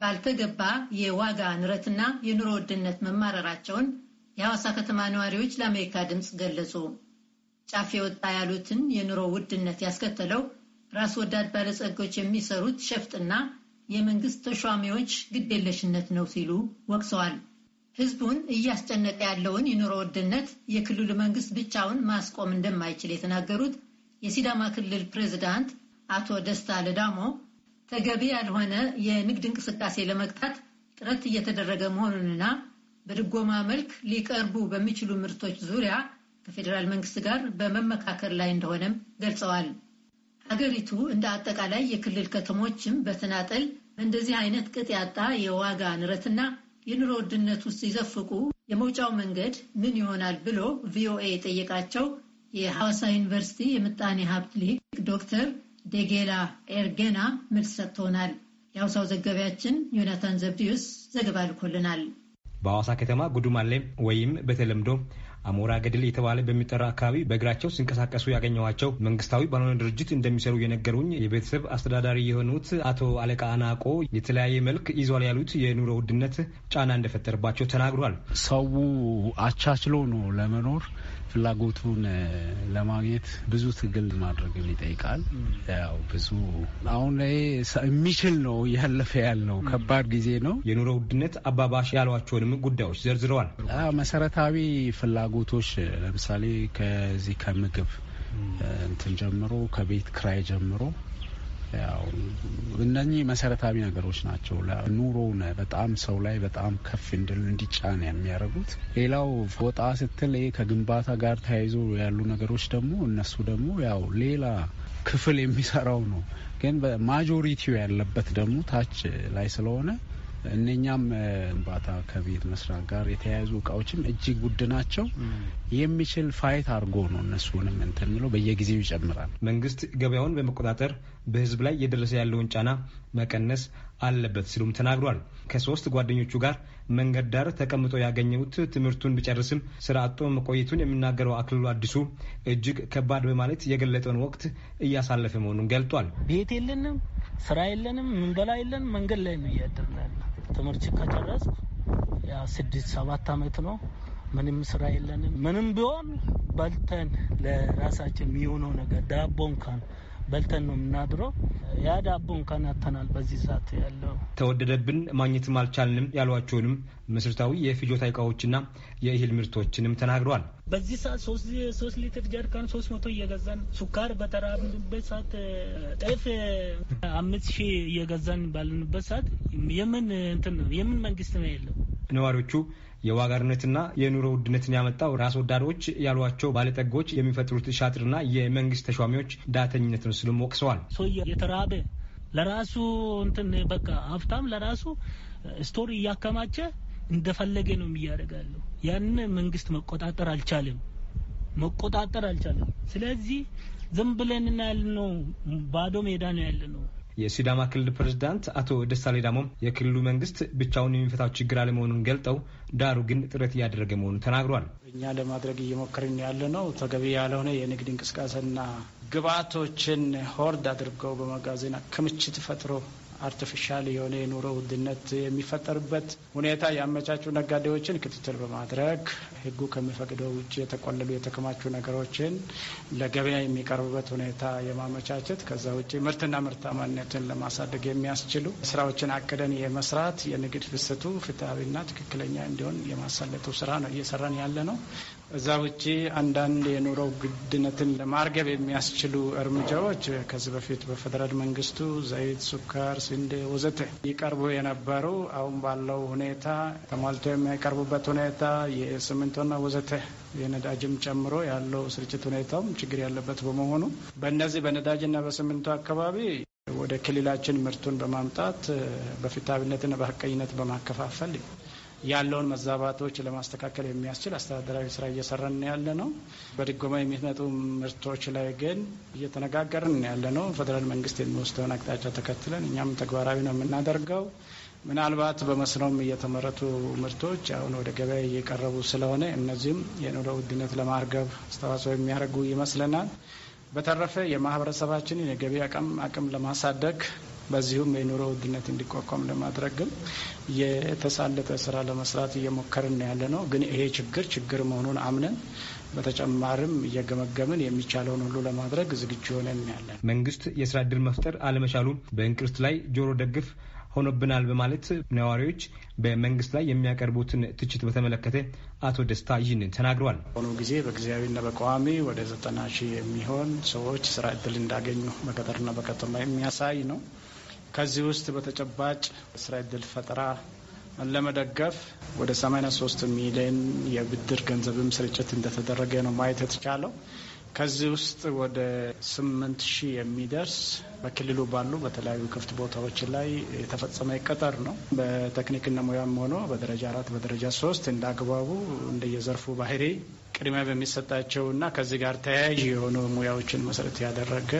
ባልተገባ የዋጋ ንረትና የኑሮ ውድነት መማረራቸውን የሐዋሳ ከተማ ነዋሪዎች ለአሜሪካ ድምፅ ገለጹ። ጫፍ የወጣ ያሉትን የኑሮ ውድነት ያስከተለው ራስ ወዳድ ባለጸጎች የሚሰሩት ሸፍጥና የመንግስት ተሿሚዎች ግዴለሽነት ነው ሲሉ ወቅሰዋል። ህዝቡን እያስጨነቀ ያለውን የኑሮ ውድነት የክልሉ መንግስት ብቻውን ማስቆም እንደማይችል የተናገሩት የሲዳማ ክልል ፕሬዚዳንት አቶ ደስታ ለዳሞ ተገቢ ያልሆነ የንግድ እንቅስቃሴ ለመግታት ጥረት እየተደረገ መሆኑንና በድጎማ መልክ ሊቀርቡ በሚችሉ ምርቶች ዙሪያ ከፌዴራል መንግስት ጋር በመመካከር ላይ እንደሆነም ገልጸዋል። ሀገሪቱ እንደ አጠቃላይ የክልል ከተሞችም በተናጠል በእንደዚህ አይነት ቅጥ ያጣ የዋጋ ንረትና የኑሮ ውድነት ውስጥ ሲዘፍቁ የመውጫው መንገድ ምን ይሆናል ብሎ ቪኦኤ የጠየቃቸው የሐዋሳ ዩኒቨርሲቲ የምጣኔ ሀብት ሊቅ ዶክተር ደጌላ ኤርጌና መልስ ሰጥቶናል። የሐዋሳው ዘጋቢያችን ዮናታን ዘብድዩስ ዘገባ ልኮልናል። በሐዋሳ ከተማ ጉዱማሌ ወይም በተለምዶ አሞራ ገደል የተባለ በሚጠራ አካባቢ በእግራቸው ሲንቀሳቀሱ ያገኘኋቸው መንግስታዊ ባልሆነ ድርጅት እንደሚሰሩ የነገሩኝ የቤተሰብ አስተዳዳሪ የሆኑት አቶ አለቃ አናቆ የተለያየ መልክ ይዟል ያሉት የኑሮ ውድነት ጫና እንደፈጠረባቸው ተናግሯል። ሰው አቻችሎ ነው ለመኖር ፍላጎቱን ለማግኘት ብዙ ትግል ማድረግን ይጠይቃል። ያው ብዙ አሁን ላይ የሚችል ነው እያለፈ ያለው ከባድ ጊዜ ነው። የኑሮ ውድነት አባባሽ ያሏቸውንም ጉዳዮች ዘርዝረዋል። መሰረታዊ ፍላጎቶች ለምሳሌ ከዚህ ከምግብ እንትን ጀምሮ ከቤት ክራይ ጀምሮ እነኚህ መሰረታዊ ነገሮች ናቸው ኑሮውን በጣም ሰው ላይ በጣም ከፍ እንድል እንዲጫን የሚያደርጉት። ሌላው ፎጣ ስትል ከግንባታ ጋር ተያይዞ ያሉ ነገሮች ደግሞ እነሱ ደግሞ ያው ሌላ ክፍል የሚሰራው ነው። ግን በማጆሪቲው ያለበት ደግሞ ታች ላይ ስለሆነ እነኛም ባታ ከቤት መስራት ጋር የተያያዙ እቃዎችም እጅግ ውድ ናቸው። የሚችል ፋይት አድርጎ ነው እነሱንም እንትን ብሎ በየጊዜው ይጨምራል። መንግስት ገበያውን በመቆጣጠር በህዝብ ላይ እየደረሰ ያለውን ጫና መቀነስ አለበት ሲሉም ተናግሯል። ከሶስት ጓደኞቹ ጋር መንገድ ዳር ተቀምጦ ያገኘሁት ትምህርቱን ቢጨርስም ስራ አጦ መቆየቱን የሚናገረው አክልሉ አዲሱ እጅግ ከባድ በማለት የገለጠውን ወቅት እያሳለፈ መሆኑን ገልጧል። ቤት የለንም፣ ስራ የለንም፣ ምንበላ የለን፣ መንገድ ላይ ነው እያደርናለ ትምህርት ከጨረስኩ ያ ስድስት ሰባት አመት ነው። ምንም ስራ የለንም። ምንም ቢሆን በልተን ለራሳችን የሚሆነው ነገር ዳቦ እንኳን በልተን ነው የምናድረው። ያ ዳቦ እንኳን ያተናል። በዚህ ሰዓት ያለው ተወደደብን ማግኘትም አልቻልንም ያሏቸውንም መሰረታዊ የፍጆታ እቃዎችና የእህል ምርቶችንም ተናግረዋል። በዚህ ሰዓት ሶስት ሊትር ጀርካን ሶስት መቶ እየገዛን ሱካር በተራብንበት ሰዓት ጤፍ አምስት ሺህ እየገዛን ባለንበት ሰዓት የምን እንትን ነው የምን መንግስት ነው ያለው ነዋሪዎቹ የዋጋ ንረትና የኑሮ ውድነትን ያመጣው ራስ ወዳዶች ያሏቸው ባለጠጎች የሚፈጥሩት ሻጥርና የመንግስት ተሿሚዎች ዳተኝነት ነው ስሉም ወቅሰዋል። የተራበ ለራሱ እንትን በቃ ሀብታም ለራሱ ስቶሪ እያከማቸ እንደፈለገ ነው የሚያደርጋለሁ። ያን መንግስት መቆጣጠር አልቻለም፣ መቆጣጠር አልቻለም። ስለዚህ ዝም ብለን ያለ ነው፣ ባዶ ሜዳ ነው ያለ ነው። የሲዳማ ክልል ፕሬዝዳንት አቶ ደሳሌ ዳሞም የክልሉ መንግስት ብቻውን የሚፈታው ችግር አለመሆኑን ገልጠው ዳሩ ግን ጥረት እያደረገ መሆኑን ተናግሯል። እኛ ለማድረግ እየሞከርን ያለ ነው ተገቢ ያልሆነ የንግድ እንቅስቃሴና ግብአቶችን ሆርድ አድርገው በመጋዘን ክምችት ፈጥሮ አርቲፊሻል የሆነ የኑሮ ውድነት የሚፈጠርበት ሁኔታ ያመቻቹ ነጋዴዎችን ክትትል በማድረግ ሕጉ ከሚፈቅደው ውጭ የተቆለሉ የተከማቹ ነገሮችን ለገበያ የሚቀርቡበት ሁኔታ የማመቻቸት ከዛ ውጭ ምርትና ምርታማነትን ለማሳደግ የሚያስችሉ ስራዎችን አቅደን የመስራት የንግድ ፍሰቱ ፍትሐዊና ትክክለኛ እንዲሆን የማሳለጡ ስራ ነው እየሰራን ያለ ነው። እዛ ውጭ አንዳንድ የኑሮ ውድነትን ለማርገብ የሚያስችሉ እርምጃዎች ከዚህ በፊት በፌዴራል መንግስቱ ዘይት፣ ሱካር ስንዴ ወዘተ ይቀርቡ የነበሩ አሁን ባለው ሁኔታ ተሟልቶ የማይቀርቡበት ሁኔታ የስሚንቶና ወዘተ የነዳጅም ጨምሮ ያለው ስርጭት ሁኔታውም ችግር ያለበት በመሆኑ በእነዚህ በነዳጅና በስሚንቶ አካባቢ ወደ ክልላችን ምርቱን በማምጣት በፍትሐዊነትና በሀቀኝነት በማከፋፈል ያለውን መዛባቶች ለማስተካከል የሚያስችል አስተዳደራዊ ስራ እየሰራን ያለ ነው። በድጎማ የሚመጡ ምርቶች ላይ ግን እየተነጋገርን ያለ ነው። ፌዴራል መንግስት የሚወስደውን አቅጣጫ ተከትለን እኛም ተግባራዊ ነው የምናደርገው። ምናልባት በመስኖም እየተመረቱ ምርቶች አሁን ወደ ገበያ እየቀረቡ ስለሆነ እነዚህም የኑሮ ውድነት ለማርገብ አስተዋጽኦ የሚያደርጉ ይመስለናል። በተረፈ የማህበረሰባችንን የገቢ አቅም አቅም ለማሳደግ በዚሁም የኑሮ ውድነት እንዲቋቋም ለማድረግም የተሳለጠ ስራ ለመስራት እየሞከርን ያለ ነው። ግን ይሄ ችግር ችግር መሆኑን አምነን በተጨማሪም እየገመገምን የሚቻለውን ሁሉ ለማድረግ ዝግጁ ሆነን ያለን። መንግስት የስራ እድል መፍጠር አለመቻሉ በእንቅርት ላይ ጆሮ ደግፍ ሆኖብናል በማለት ነዋሪዎች በመንግስት ላይ የሚያቀርቡትን ትችት በተመለከተ አቶ ደስታ ይህንን ተናግረዋል። በአሁኑ ጊዜ በጊዜያዊና በቋሚ ወደ ዘጠና ሺህ የሚሆን ሰዎች ስራ እድል እንዳገኙ በገጠርና በከተማ የሚያሳይ ነው። ከዚህ ውስጥ በተጨባጭ ስራ እድል ፈጠራ ለመደገፍ ወደ 83 ሚሊዮን የብድር ገንዘብም ስርጭት እንደተደረገ ነው ማየት የተቻለው። ከዚህ ውስጥ ወደ 8 ሺህ የሚደርስ በክልሉ ባሉ በተለያዩ ክፍት ቦታዎች ላይ የተፈጸመ ቅጥር ነው። በቴክኒክና ሙያም ሆኖ በደረጃ አራት በደረጃ ሶስት እንደ አግባቡ እንደየዘርፉ ባህሪ ቅድሚያ በሚሰጣቸውና ከዚህ ጋር ተያያዥ የሆኑ ሙያዎችን መሰረት ያደረገ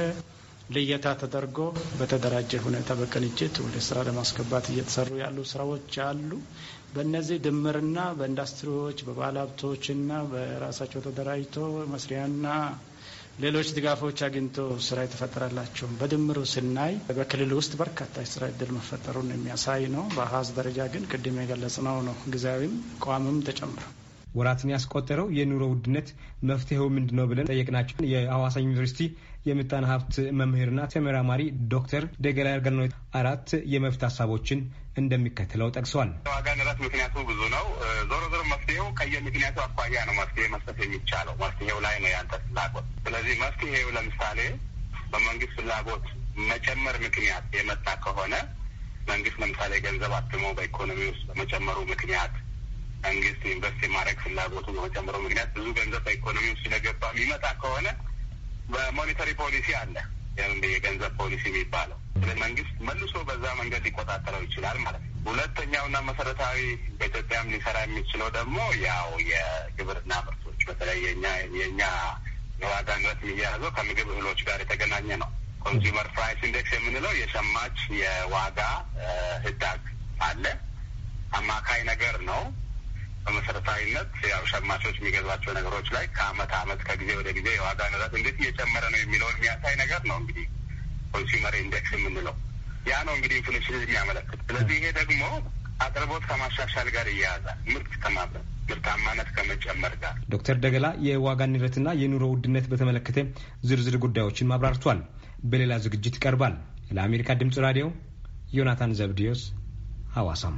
ልየታ ተደርጎ በተደራጀ ሁኔታ በቅንጅት ወደ ስራ ለማስገባት እየተሰሩ ያሉ ስራዎች አሉ። በእነዚህ ድምርና በኢንዱስትሪዎች በባለ ሀብቶችና በራሳቸው ተደራጅቶ መስሪያና ሌሎች ድጋፎች አግኝቶ ስራ የተፈጠረላቸውም በድምሩ ስናይ በክልል ውስጥ በርካታ የስራ እድል መፈጠሩን የሚያሳይ ነው። በአሀዝ ደረጃ ግን ቅድም የገለጽ ነው ነው ጊዜያዊም ቋምም ተጨምረ ወራትን ያስቆጠረው የኑሮ ውድነት መፍትሄው ምንድን ነው ብለን ጠየቅናቸው። የሐዋሳ ዩኒቨርሲቲ የምጣኔ ሀብት መምህርና ተመራማሪ ዶክተር ደገላ ያርጋልነው አራት የመፍት ሀሳቦችን እንደሚከተለው ጠቅሰዋል። ዋጋ ንረት ምክንያቱ ብዙ ነው። ዞሮ ዞሮ መፍትሄው ምክንያቱ አኳያ ነው መፍትሄ መስጠት የሚቻለው። መፍትሄው ላይ ነው ያንተ ፍላጎት። ስለዚህ መፍትሄው ለምሳሌ በመንግስት ፍላጎት መጨመር ምክንያት የመጣ ከሆነ መንግስት ለምሳሌ ገንዘብ አትሞ በኢኮኖሚ ውስጥ በመጨመሩ ምክንያት መንግስት ኢንቨስት የማድረግ ፍላጎቱ በመጨመሩ ምክንያት ብዙ ገንዘብ በኢኮኖሚ ውስጥ ስለገባ የሚመጣ ከሆነ በሞኔታሪ ፖሊሲ አለ የገንዘብ ፖሊሲ የሚባለው። ስለዚህ መንግስት መልሶ በዛ መንገድ ሊቆጣጠረው ይችላል ማለት ነው። ሁለተኛውና መሰረታዊ በኢትዮጵያም ሊሰራ የሚችለው ደግሞ ያው የግብርና ምርቶች በተለይ የኛ የኛ የዋጋ ንረት የሚያያዘው ከምግብ እህሎች ጋር የተገናኘ ነው። ኮንሱመር ፕራይስ ኢንዴክስ የምንለው የሸማች የዋጋ ህዳግ አለ አማካይ ነገር ነው። በመሰረታዊነት ያው ሸማቾች የሚገዟቸው ነገሮች ላይ ከአመት አመት ከጊዜ ወደ ጊዜ የዋጋ ንረት እንዴት እየጨመረ ነው የሚለውን የሚያሳይ ነገር ነው እንግዲህ ኮንሱመር ኢንዴክስ የምንለው ያ ነው እንግዲህ ኢንፍሌሽን የሚያመለክት። ስለዚህ ይሄ ደግሞ አቅርቦት ከማሻሻል ጋር እያያዛል፣ ምርት ከማምረት ምርታማነት ከመጨመር ጋር። ዶክተር ደገላ የዋጋ ንረትና የኑሮ ውድነት በተመለከተ ዝርዝር ጉዳዮችን ማብራርቷል። በሌላ ዝግጅት ይቀርባል። ለአሜሪካ ድምጽ ራዲዮ ዮናታን ዘብዲዮስ ሐዋሳም